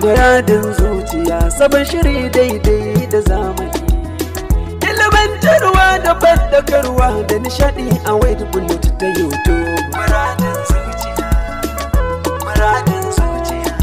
Guradin zuciya sabon shiri daidai da zamani. Ilimantarwa da bandakarwa da nishadi a wade bullet ta YouTube. Guradin zuciya, guradin zuciya.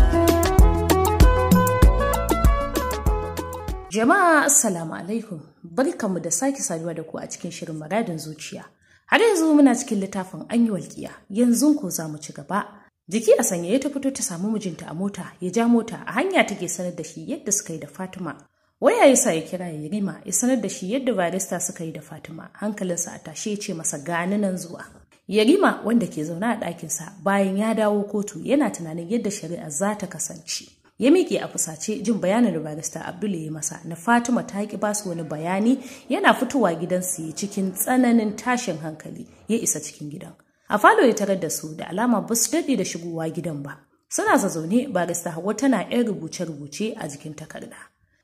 Jama'a Assalamu alaikum, barkamu da sake saduwa da ku a cikin shirin muradin zuciya. Har yanzu muna cikin littafin an yi walƙiya, yanzu ko za mu ci gaba. Jiki a sanya ya ta fito ta samu mijinta a mota ya ja mota a hanya take sanar da shi yadda suka yi da Fatima. Waya ya sa ya kira ya rima ya sanar da shi yadda barista suka yi da Fatima hankalinsa a tashe ya ce masa gani nan zuwa. Yarima wanda ke zaune a ɗakinsa bayan ya dawo kotu yana tunanin yadda shari'a za ta kasance. Ya miƙe a fusace jin bayanin da barista Abdul ya yi masa na Fatima ta ki ba wani bayani yana fitowa gidansu cikin tsananin tashin hankali ya isa cikin gidan. A falo ya tarar da su da alama ba su daɗe da shigowa gidan ba. Suna zazzaune barista Hauwa tana 'yan rubuce-rubuce a jikin takarda.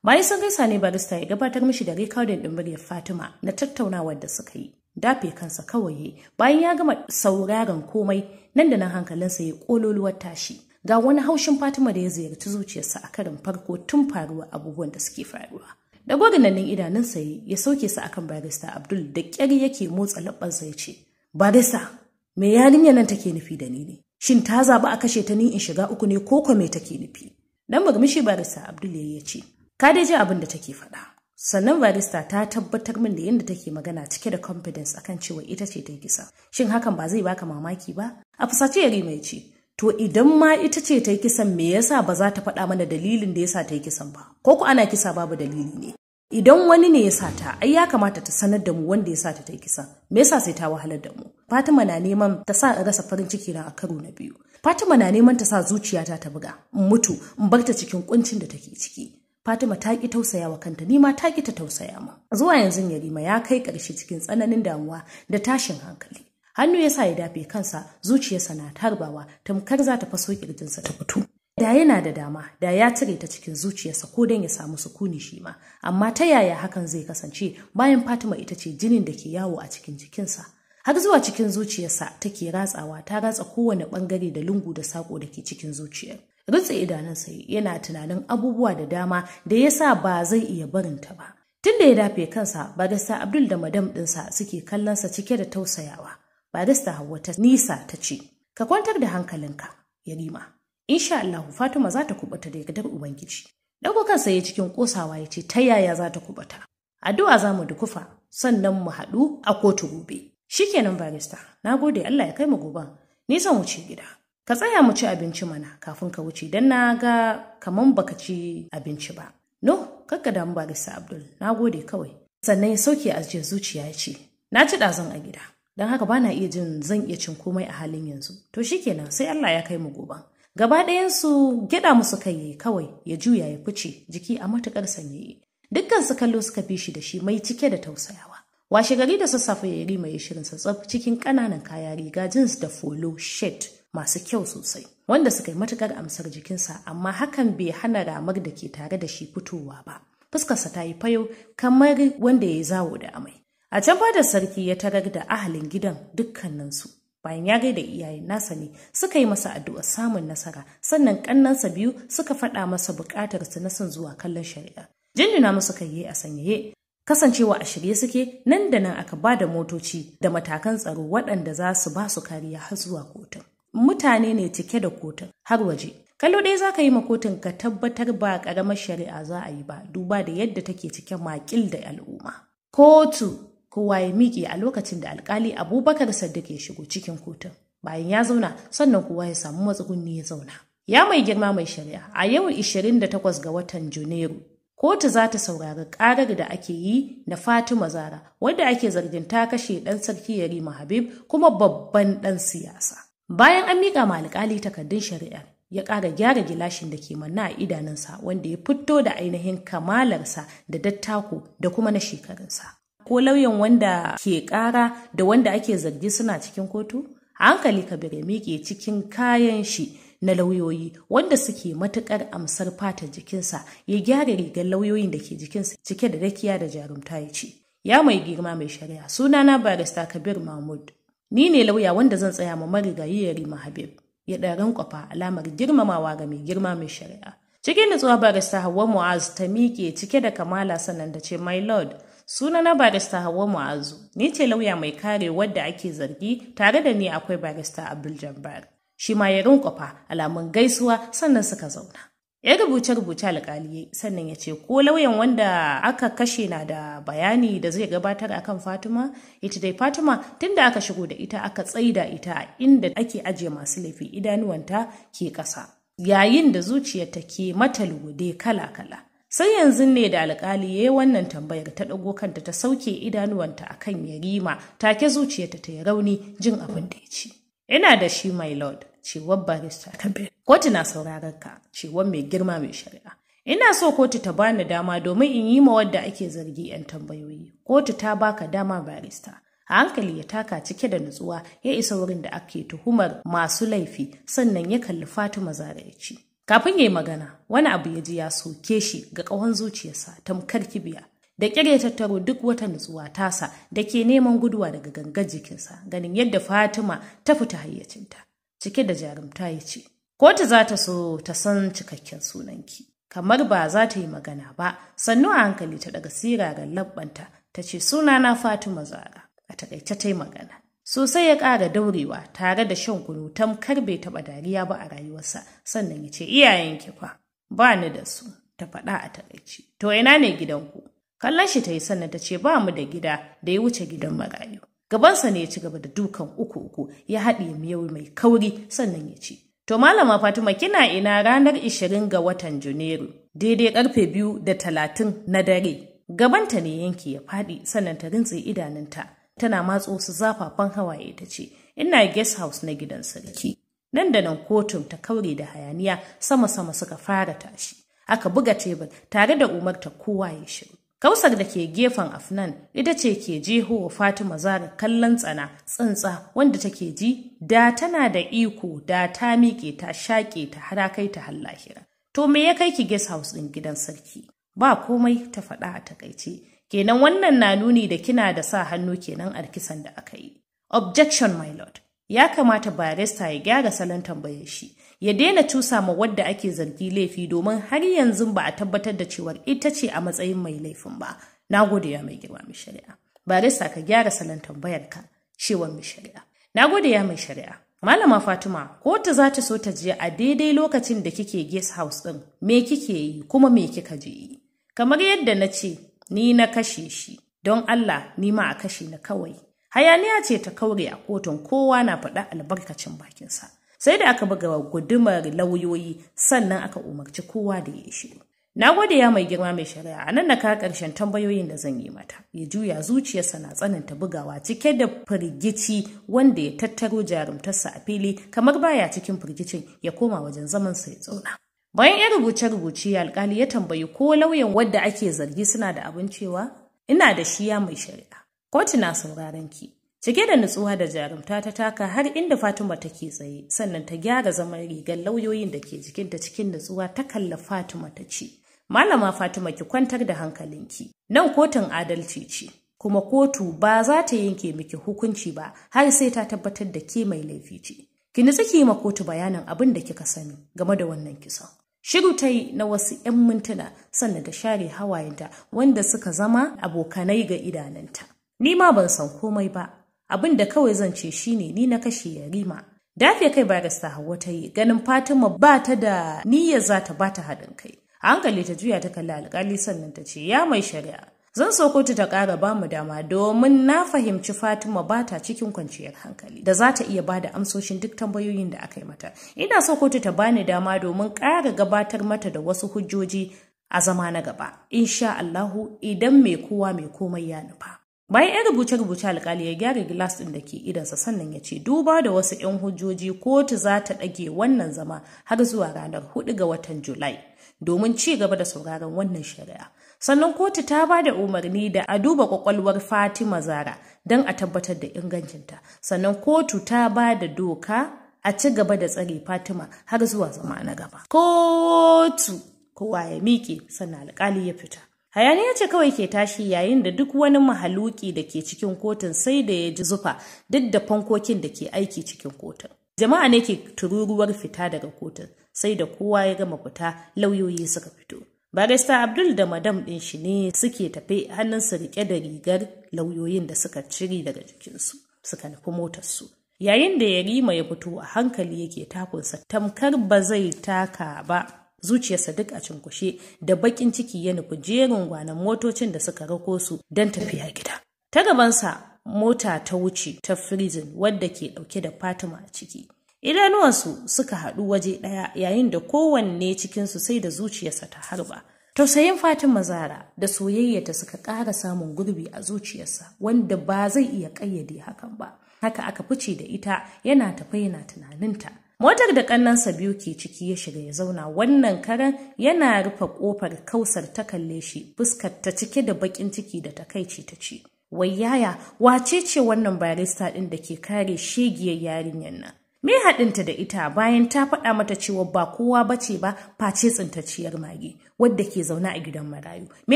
Bayan sun gaisa ne barista ya gabatar mishi da rikodin ɗin muryar Fatima na tattaunawar da suka yi. Dafe kansa kawai bayan ya gama sauraron komai nan da nan hankalinsa ya ƙololuwar tashi. Ga wani haushin Fatima da ya ziyarci zuciyarsa a karin farko tun faruwa abubuwan da suke faruwa. Da nan, idanunsa ya sauke sa akan barista Abdul da ƙyar yake motsa labbansa ya ce, Barista, me yarinyar nan take nufi da ni ne shin ta zaɓi a kashe ta ni in shiga uku ne ko kuma me take nufi dan magamishi barista abdul ya ce ka dai ji abin da take faɗa sannan barista ta tabbatar min da yadda take magana cike da confidence akan cewa ita ce ta kisa shin hakan ba zai baka mamaki ba a fusace rima mai ce to idan ma ita ce ta kisan me yasa ba za ta faɗa mana dalilin da yasa ta kisan ba ko ku ana kisa babu dalili ne idan wani ne ya sata ai ya kamata ta sanar da mu wanda ya sata ta kisa me yasa sai ta wahalar da mu Fatima na neman ta sa in rasa farin ciki na a karo na biyu Fatima na neman ta sa zuciyata ta buga in mutu in ta cikin kuncin da take ciki Fatima ta ki tausaya wa kanta ni ma ta ki ta tausaya ma zuwa yanzu Yarima ya kai ƙarshe cikin tsananin damuwa da tashin hankali hannu ya sa ya dafe kansa zuciyarsa na tarbawa tamkar za ta faso kirjinsa ta fito Da yana da dama, da ya cire ta cikin zuciyarsa ko don ya samu sukuni shi ma, amma ta yaya hakan zai kasance bayan Fatima ita ce jinin da ke yawo a cikin jikinsa. Har zuwa cikin zuciyarsa take ratsawa ta ratsa kowane bangare da lungu da saƙo da ke cikin zuciyar. Rutse idanunsa yana tunanin abubuwa da dama da ya sa ba zai iya barin ta ba. Tun da ya dafe kansa, barista Abdul da madam ɗinsa suke kallonsa cike da tausayawa. Barista Hauwa ta nisa ta ce, Ka kwantar da hankalinka, Yarima. insha Allah Fatima za ta kubuta da gidan Ubangiji. dauko kansa ya cikin kosawa ya ce ta yaya za ta kubuta. Addu'a za mu dukufa sannan mu haɗu a kotu gobe. Shikenan barista, na gode Allah ya kai mu goban. Ni zan wuce gida. Ka tsaya mu ci abinci mana kafin ka wuce dan na ga kaman baka ci abinci ba. No, kakka damu barista Abdul, na gode kawai. Sannan ya sauke a zuciya ya ce, na ci ɗazan a gida. Don haka bana iya jin zan iya cin komai a halin yanzu. To shikenan sai Allah ya kai mu goban. Gaba ɗayansu gyaɗa musu kai kawai ya juya ya fice jiki a matuƙar sanyi. Dukkan su kallo suka fi shi da shi mai cike da tausayawa. Washe gari da sassafe ya rima ya shirin sa tsaf cikin ƙananan kaya riga jeans da folo shirt masu kyau sosai. Wanda suka yi matuƙar amsar jikinsa amma hakan bai hana ramar da ke tare da shi fitowa ba. Fuskarsa ta yi fayo kamar wanda ya yi zawo da amai. A can fadar sarki ya tarar da ahalin gidan dukkaninsu. bayan ya gaida iyayen nasa ne suka yi masa addu'a samun nasara sannan kannansa biyu suka faɗa masa buƙatar su na son zuwa kallon shari'a jinjina musu kai yayi a sanyaye kasancewa a shirye suke nan da nan aka ba da motoci da matakan tsaro waɗanda za su ba su kariya har zuwa kotun mutane ne cike da kotun har waje kallo ɗaya za ka yi ma kotun ka tabbatar ba ƙaramar shari'a za a yi ba duba da yadda take cike makil da al'umma kotu kowa ya miƙe a lokacin da Alƙali abubakar saddiq ya shigo cikin kotun bayan ya zauna sannan kowa ya samu matsugunni ya zauna ya mai girma mai shari'a a yau 28 ga watan Janairu, kotu za ta saurari ƙarar da ake yi na fatima zara wadda ake zargin ta kashe ɗan sarki yarima habib kuma babban ɗan siyasa bayan an miƙa ma alƙali takardun shari'ar ya ƙara gyara gilashin da ke manna a idanunsa wanda ya fito da ainihin kamalarsa da dattako da kuma na shekarunsa ko lauyan wanda ke kara da wanda ake zargi suna cikin kotu? hankali Kabir ya miƙe cikin kayan shi na lauyoyi wanda suke matukar amsar fata jikinsa ya gyara rigar lauyoyin da ke jikinsa cike da rakiya da jarumta ya ce. Ya mai girma mai shari'a sunana barista Kabir Mahmud. Ni ne lauya wanda zan tsaya ma marigayi rima Habib. Ya ɗaran kwafa alamar girmamawa ga mai girma mai shari'a. Cikin nutsuwa barista hawa Mu'az ta miƙe cike da kamala sannan da ce My Lord, Suna na barista Hauwa Mu'azu, ni ce lauya mai kare wadda ake zargi tare da ni akwai barista Abdul jambar Shi ma ya rinkwafa alamun gaisuwa sannan suka zauna. Ya rubuce rubuce alƙali sannan ya ce ko lauyan wanda aka kashe na da bayani da zai gabatar akan Fatima ita dai Fatima tunda aka shigo da ita aka tsaida ita a inda ake ajiye masu laifi idanuwanta ke ƙasa yayin da zuciyarta ke mata lugude kala kala sai yanzu ne da alkali ya yi wannan tambayar ta ɗago kanta ta sauke idanuwanta a kan yarima take zuciyarta ta yi rauni jin abin da ya ci ina da shi my lord cewar barista kabe. kotu na sauraron ka cewar mai girma mai shari'a ina so kotu ta bani dama domin in yi ma wadda ake zargi yan tambayoyi kotu ta baka dama barista a hankali ya taka cike da nutsuwa ya isa wurin da ake tuhumar masu laifi sannan ya kalli fatima zara ya ce Kafin ya yi magana, wani abu ya ji ya soke shi ga ƙawon zuciyarsa tamkar kibiya. Da ƙirya tattaro duk wata nutsuwa tasa da ke neman guduwa daga gangar jikinsa, ganin yadda Fatima ta fita hayyacinta. Cike da jarumta ya ce, Kotu za ta so ta san cikakken sunanki. Kamar ba za ta yi magana ba, sannu a hankali ta daga siraran labbanta ta ce sunana Fatima Zara. A takaice ta yi magana. Sosai ya ƙara daurewa tare da shan kunu tamkar bai taɓa dariya ba a rayuwarsa sannan ya ce iyayenki fa ba ni da su ta faɗa a takaici. To ina ne gidanku? Kallon shi ta yi sannan ta ce ba mu da gida da ya wuce gidan marayu. Gabansa ne ya ci gaba da dukan uku uku ya haɗe miyau mai kauri sannan ya ce. To malama Fatima kina ina ranar ishirin ga watan Janairu daidai karfe biyu da talatin na dare. Gabanta ne yanki ya faɗi sannan ta rintse idanunta tana matso su zafafan hawaye ta ce ina guest house na gidan sarki nan da nan kotun ta kaure da hayaniya sama-sama suka fara tashi aka buga tebur tare da umarta kowa ya shiru kausar da ke gefen afnan ita ce ke jeho wa fatima zara kallon tsana tsantsa wanda take ji da tana da iko da ta miƙe ta shaƙe ta harakai ta hallahira to me ya kai ki guest house ɗin gidan sarki ba komai ta faɗa a takaice Kenan wannan na nuni da kina da sa hannu kenan a kisan da aka yi. Objection, my lord. Ya kamata barista ya gyara salon tambayar shi, ya daina cusa ma wadda ake zargi laifi domin har yanzu ba a tabbatar da cewar ita ce a matsayin mai laifin ba. Na gode ya mai girma mai shari'a. Barista ka gyara salon tambayar ka, cewa mai shari'a. Na gode ya mai shari'a. Malama Fatima, ta za ta so ta je a daidai lokacin da kike guest house ɗin, me kike yi kuma me kika je yi? Kamar yadda na ce, ni na kashe shi, don Allah ni ma a kashe na kawai. Hayaniya ce ta kaure a kotun kowa na faɗa albarkacin bakinsa. Sai da aka buga gudumar lauyoyi sannan aka umarci kowa da ya shiru. Na gode ya mai girma mai shari'a a nan na ka ƙarshen tambayoyin da zan yi mata. Ya juya zuciyarsa na tsananta bugawa cike da firgici wanda ya tattaro jarumtarsa a fili kamar baya cikin firgicin ya koma wajen zamansa ya tsauna. Bayan 'yan rubuce-rubuce alkali ya tambayi ko lauyan wadda ake zargi suna da abin cewa ina da shiya mai shari'a. Kotu na sauraron ki. Cike da nutsuwa da jarumta ta taka har inda Fatima take tsaye sannan ta gyara zaman rigar lauyoyin da ke jikinta cikin nutsuwa ta kalla Fatima ta ce. Malama Fatima ki kwantar da hankalinki. Nan kotun adalci ce. Kuma kotu ba za ta yanke miki hukunci ba har sai ta tabbatar da ke mai laifi ce. Ki nutsu ki ma kotu bayanin abin da kika sani game da wannan kisan. Shiru ta yi na wasu 'yan mintuna sannan ta share hawayenta wanda suka zama abokanai ga idananta. Ni ma ban san komai ba, abin da kawai zan ce shine ni na kashe yarima. Dafe kai ba barista Hauwa ta yi ganin Fatima ba ta da niyyar za ta ba ta haɗin kai. A hankali ta juya ta kalli alƙali sannan ta ce ya mai shari'a. Zan so kotu ta ƙara ba mu dama domin na fahimci Fatima ba ta cikin kwanciyar hankali da za ta iya ba da amsoshin duk tambayoyin da aka yi mata. Ina so kotu ta bani dama domin ƙara gabatar mata da wasu hujjoji a zama na gaba. Insha Allahu idan mai kowa mai komai ya nufa. Bayan 'yan rubuce-rubuce alkali ya gyara gilas ɗin da ke idansa sannan ya ce duba da wasu 'yan hujjoji kotu za ta ɗage wannan zama har zuwa ranar 4 ga watan Julai. domin ci gaba da sauraron wannan shari'a. Sannan kotu ta ba da umarni da a duba kwakwalwar Fatima Zara don a tabbatar da ingancinta. Sannan kotu ta ba da doka a ci gaba da tsare Fatima har zuwa zama na gaba. Kotu kowa ya miƙe sannan alƙali ya fita. Hayani ya ce kawai ke tashi yayin da duk wani mahaluki da ke cikin kotun sai da ya ji zufa duk da fankokin da ke aiki cikin kotun. Jama'a ne ke tururuwar fita daga kotun sai da kowa ya gama fita lauyoyi suka fito barista abdul da madam ɗin shi ne suke tafe hannunsu riƙe da rigar lauyoyin da suka cire daga jikinsu suka nufi motarsu yayin da yarima ya fito a hankali yake takunsa tamkar ba zai taka ba zuciyarsa duk a cinkushe da bakin ciki ya nufi jerin gwanan motocin da suka rako su don tafiya gida ta gabansa mota ta wuce ta firizin wadda ke dauke da fatima a ciki Idanuwansu suka haɗu waje ɗaya yayin da kowanne cikinsu sai da zuciyarsa ta harba. Tausayin Fatima Zara da soyayyata suka ƙara samun gurbi a zuciyarsa wanda ba zai iya ƙayyade hakan ba. Haka aka fice da ita yana tafe yana tunaninta. Motar da ƙannansa biyu ke ciki ya shiga ya zauna wannan karen yana rufe ƙofar kausar ta kalle shi fuskar ta cike da baƙin ciki da takaici ta ce. Wai yaya wace ce wannan barista ɗin da ke kare shegiyar yarinyar nan? Me haɗinta da ita bayan ta faɗa mata cewa ba kowa ba ce ba face tsintacciyar mage wadda ke zaune a gidan marayu. Me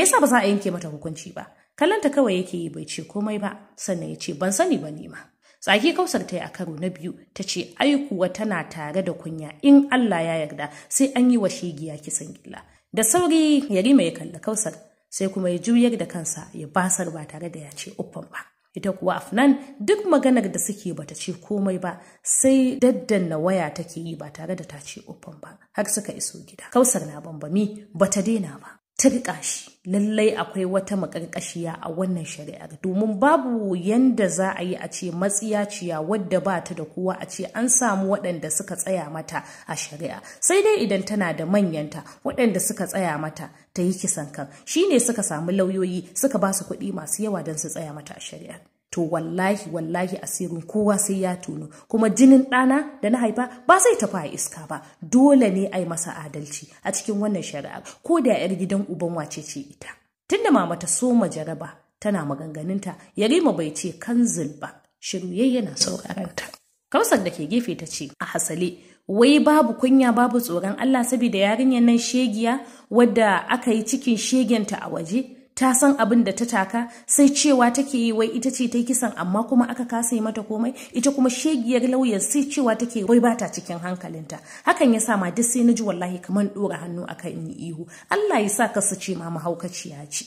yasa ba za a yanke mata hukunci ba? Kallanta kawai yake yi bai ce komai ba sannan ya ce ban sani ba nema. Tsaki kausar ta yi a karo na biyu ta ce aikuwa tana tare da kunya in Allah ya yarda sai an yi wa shegiya kisan gilla. Da sauri Yarima ya kalli kausar sai kuma ya juyar da kansa ya basar ba tare da ya ce uffan ba. ita kuwa afnan duk maganar da suke bata ce komai ba sai daddanna waya take yi ba tare da ta ce ba har suka iso gida kausar na bambami bata daina ba tirka shi lallai akwai wata makarkashiya a wannan shari'ar domin babu yanda za a yi a ce matsiyaciya wadda ba ta da kowa a ce an samu waɗanda suka tsaya mata a shari'a sai dai idan tana da manyanta waɗanda suka tsaya mata ta yi kisan kan ne suka samu lauyoyi suka ba su kuɗi masu yawa don su tsaya mata a shari'ar to wallahi wallahi asirin kowa sai ya tono kuma jinin ɗana da na haifa ba zai tafi a iska ba dole ne a yi masa adalci a cikin wannan shari'ar. ko da 'yar gidan uban wace ce ita tunda mama ta soma jaraba tana maganganunta yarima bai ce kanzil ba shirye yana sauraranta kausar da ke gefe ta ce a hasale wai babu kunya babu tsoron allah saboda yarinyar nan shegiya wadda aka yi cikin shegenta a waje ta san abin da ta taka sai cewa take yi wai ita ce ta kisan amma kuma aka kasa yi mata komai ita kuma shegiyar lauyan sai cewa take wai ba ta cikin hankalinta hakan ya sa ma duk sai na ji wallahi kamar ɗora hannu akan yi ihu Allah ya sa ka su ce ma mahaukaciya ce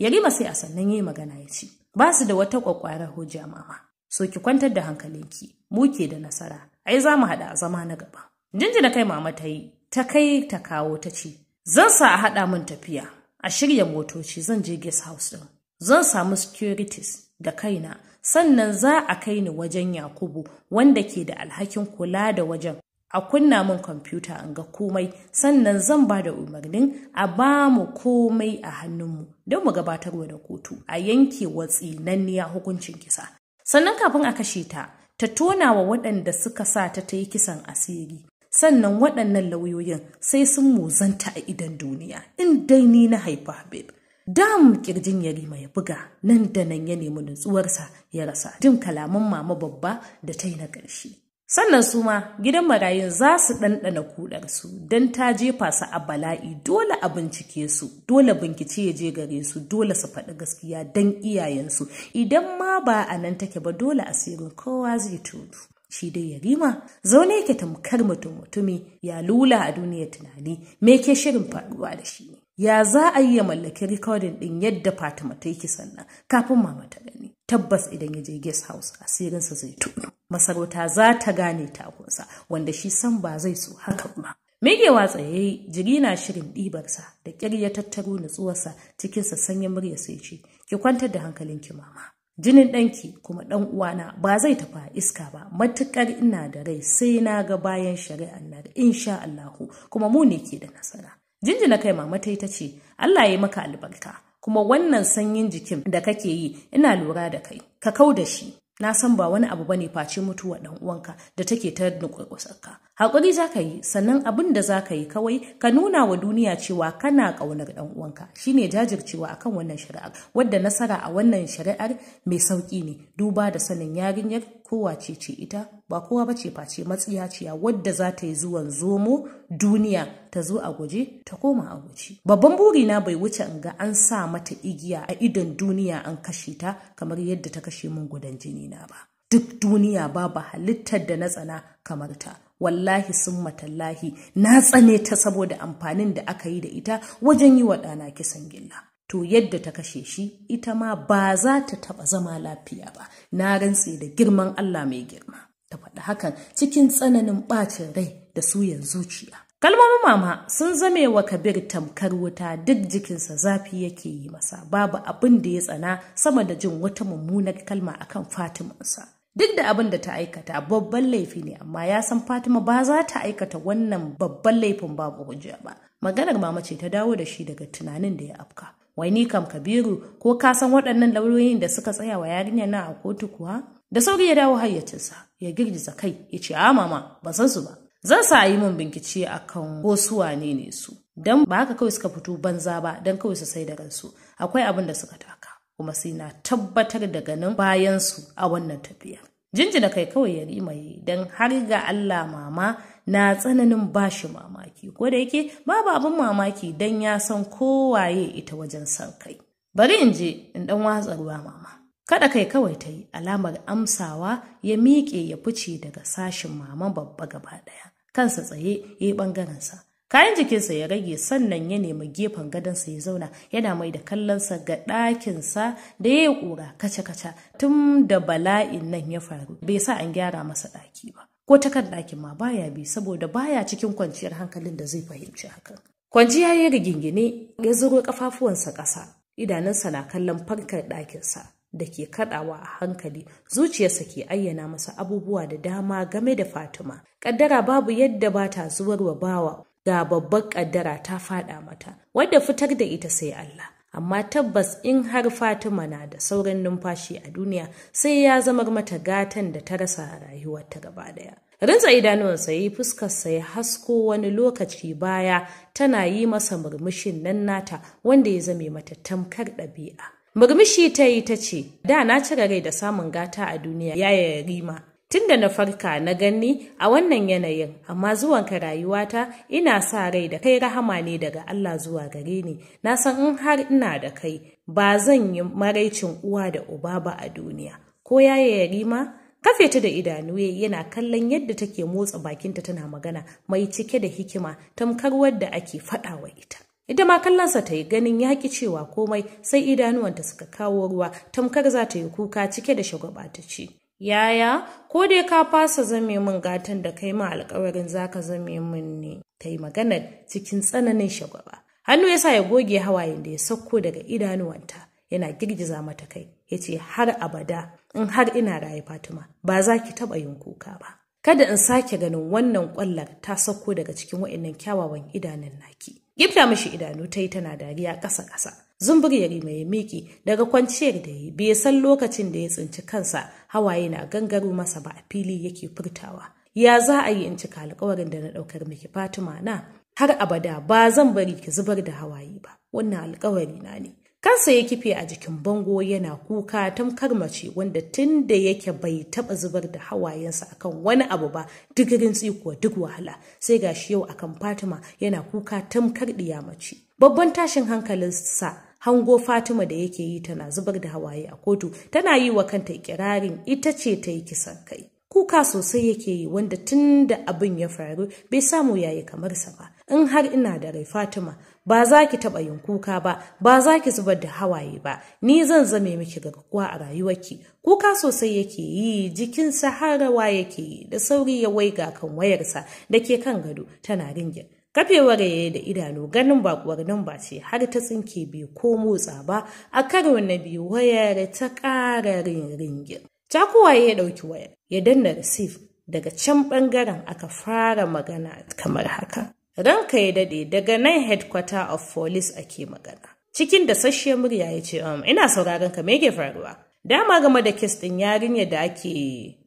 yarima sai a sannan yi magana ya ce ba su da wata kwakwarar hujja mama so ki kwantar da hankalinki mu ke da nasara ai za mu hada a zama na gaba jinjina kai mama ta yi ta kai ta kawo ta ce zan sa a haɗa mun tafiya a shirya motoci zan je guest house ɗin. Zan samu securities da kaina, sannan za a kai ni wajen Yakubu wanda ke da alhakin kula da wajen. A kunna min kwamfuta in ga komai, sannan zan ba da umarnin a ba mu komai a hannunmu don mu gabatarwa da kotu a yanke watsi nanniya hukuncin kisa. Sannan kafin a kashe ta, ta tona wa waɗanda suka sa ta ta yi kisan asiri sannan waɗannan lauyoyin sai sun muzanta a idan duniya in dai ni na haifa habib dam kirjin yarima ya buga nan da nan ya nemi nutsuwarsa ya rasa jin kalaman mama babba da ta yi na ƙarshe sannan su ma gidan marayun za su ɗanɗana kuɗarsu don ta jefa su a bala'i dole a bincike su dole bincike ya je gare su dole su faɗi gaskiya don iyayensu idan ma ba a nan take ba dole asirin kowa zai tudu shi dai yarima zaune yake tamkar mutum mutumi ya lula a duniyar tunani me ke shirin faduwa da shi ya za a yi ya mallaki rikodin din yadda fatima ta yi sannan kafin mama ta gani tabbas idan ya je guest house asirinsa zai tuno masarauta za ta gane takunsa wanda shi san ba zai so haka ba Megewa tsaye jiri na shirin ɗibarsa da ƙyar ya tattaro nutsuwarsa cikin sanya murya sai ce, Ki kwantar da hankalinki mama. jinin ɗanki kuma ɗan uwana ba zai tafi iska ba matuƙar ina da rai sai na ga bayan shari'ar na da insha Allahu kuma mu ne ke da nasara jinjina kai mama ta ta ce Allah ya maka albarka kuma wannan sanyin jikin da kake yi ina lura da kai ka kau da shi na san ba wani abu bane face mutuwa dan uwanka da take ta nukurkusarka hakuri zaka yi sannan abin da za ka yi kawai ka nuna wa duniya cewa kana kaunar dan uwanka shine jajircewa akan wannan shari'ar wadda nasara a wannan shari'ar mai sauki ne duba da sanin yarinyar kowace ce ita ba kowa ba ce face matsiyaciya wadda za ta yi zuwan zomo duniya ta zo a guje ta koma a guje babban na bai wuce in ga an sa mata igiya a idon duniya an kashe ta kamar yadda ta kashe min gudan jini na ba duk duniya babu halittar da na tsana kamar ta wallahi sun matallahi na tsane ta saboda amfanin da aka yi da ita wajen yi wa ɗana kisan gilla to yadda ta kashe shi ita ma ba za ta taɓa zama lafiya ba na rantse da girman Allah mai girma ta faɗi hakan cikin tsananin ɓacin rai da suyan zuciya. Kalmomin mama sun zame wa Kabir tamkar wuta duk jikinsa zafi yake yi masa babu abin da ya tsana sama da jin wata mummunar kalma akan Fatimansa. Duk da abin da ta aikata babban laifi ne amma ya san Fatima ba za ta aikata wannan babban laifin babu hujja ba. Maganar mama ce ta dawo da shi daga tunanin da ya afka. Wai ni kam Kabiru ko ka san waɗannan lauyoyin da suka tsaya wa yarinyar nan a kotu kuwa? Da sauri ya dawo hayyacinsa, ya girgiza kai, ya ce, "A mama, ba san su ba." Zan sa yi min bincike akan ko su wane ne su. Don ba haka kawai suka fito banza ba, don kawai su sai da ransu. Akwai abin da suka taka, kuma sai na tabbatar da ganin bayansu a wannan tafiya Jinjina kai kawai ya rimaye, don har ga Allah mama na tsananin bashi mamaki, ko da yake babu abin mamaki don ya san kowaye ita wajen san kai. Bari in je in dan watsa ruwa mama. Kada kai kawai ta yi alamar amsawa ya miƙe ya fice daga sashin maman babba gaba ɗaya. Kansa tsaye ya yi ɓangarensa. Kayan jikinsa ya rage sannan ya nemi gefen gadonsa ya zauna yana mai da kallonsa ga ɗakinsa da ya yi ƙura kaca-kaca tun da bala'in nan ya faru bai sa an gyara masa ɗaki ba. Ko ta kan ɗakin ma baya bi saboda baya cikin kwanciyar hankalin da zai fahimci hakan. Kwanciya ya yi rigingine ya zuro ƙafafuwansa ƙasa idanunsa na kallon farkar ɗakinsa. da ke kadawa a hankali zuciyarsa ke ayyana masa abubuwa da dama game da Fatima. Kaddara babu yadda ba ta zuwar wa bawa ga babbar kaddara ta fada mata wadda fitar da ita sai Allah. Amma tabbas in har Fatima na da sauran numfashi a duniya sai ya zamar mata gatan da ta rasa a rayuwarta gaba daya. Rinsa idanuwansa yi fuskarsa ya hasko wani lokaci baya tana yi masa murmushin nan nata wanda ya zame mata tamkar ɗabi'a. Murmushi ta yi ta ce, Da na cire rai da samun gata a duniya ya rima. Tun da na farka na ganni a wannan yanayin, amma zuwan ka rayuwata ina sa rai da kai rahama ne daga Allah zuwa gare ni, na san in har ina da kai ba zan yi maraicin uwa da uba ba a duniya. Ko ya rima? Kafe ta da idanu yana kallon yadda take motsa bakinta tana magana mai cike da hikima tamkar wadda ake faɗawa ita. Ita ma kallonsa ta yi ganin ya ki cewa komai sai idanuwanta suka kawo ruwa tamkar za ta yi kuka cike da shagwaba ta ce. Yaya, ko dai ka fasa zame min gatan da kai ma alkawarin za ka zame min ne, ta yi maganar cikin tsananin shagwaba. Hannu ya sa ya goge hawayen da ya sauko daga idanuwanta, yana girgiza mata kai, ya ce har abada in har ina raye Fatima, ba za ki taɓa yin kuka ba. Kada in sake ganin wannan ƙwallar ta sauko daga cikin waɗannan kyawawan idanun naki. Gifta mashi idanu ta yi tana dariya ƙasa-ƙasa. Zumburyari mai miki daga kwanciyar da ya yi bai san lokacin da ya tsinci kansa hawaye na gangaro masa ba a fili yake furtawa. Ya za a yi in cika alkawarin da na ɗaukar miki Fatima na har abada ba zan bari ki zubar da hawaye ba. Wannan alkawari na ne. kansa ya kife a jikin bango yana kuka tamkar mace wanda tun da yake bai taba zubar da hawayensa akan wani abu ba digirin tsikuwa duk wahala sai ga shi yau akan fatima yana kuka tamkar diya mace babban tashin hankalinsa hango Fatima da yake yi tana zubar da hawaye a kotu tana yi wa kanta ikirarin ita ce ta yi kisan kai. Kuka sosai yake yi wanda tun da abin ya faru bai samu yayi kamar sa ba. In har ina da rai Fatima ba za ki taɓa yin kuka ba ba za ki zubar da hawaye ba ni zan zame miki garkuwa a rayuwarki kuka sosai yake yi jikin saharawa yake yi da sauri ya waiga kan wayarsa da ke kan gado tana ringin kafewar yayi da idanu ganin bakuwar nan ba ce har ta tsinke bai ko motsa ba a karo na biyu wayar ta ƙara ringin Cakuwa ya ɗauki wayar ya danna receive daga can ɓangaren aka fara magana kamar haka. ranka ya dade daga nan headquarter of police ake magana cikin da sashiyar murya ya ce um, ina sauraron ka me yake faruwa dama game da kes din yarinya da ake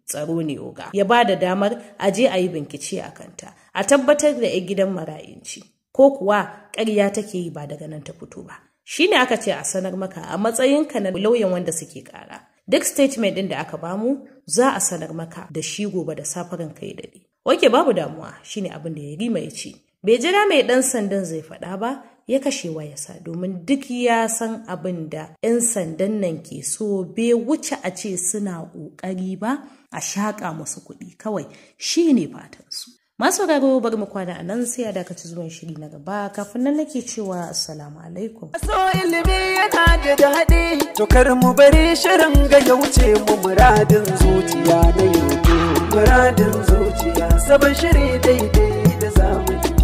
tsaro ne oga ya ba da damar a je a yi binkici a kanta a tabbatar da 'yan gidan mara'inci ko kuwa ƙarya take yi ba daga nan ta fito ba shi ne aka ce a sanar maka a matsayinka na lauyan wanda suke ƙara duk statement ɗin da aka bamu za a sanar maka da shi gobe da safarin kai daɗi. Wake babu damuwa shine abin da ya rima ya ce bai jira mai ɗan sandan zai faɗa ba ya kashe yasa domin duk ya san abin da 'yan sandan nan ke so bai wuce a ce suna ƙoƙari ba a shaƙa musu kuɗi kawai shi ne fatansu. Masu garo bari mu kwana a nan sai a dakaci zuwan shiri na gaba kafin nan nake cewa assalamu alaikum. So ilimi yana da daɗi, to kar mu bari shirin ga ya wuce mu muradin zuciya na yau. Muradin zuciya sabon shiri daidai da zamani.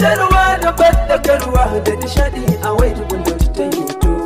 Nishaɗantarwa da fadakarwa da nishaɗi a wai tukun da ta yi to.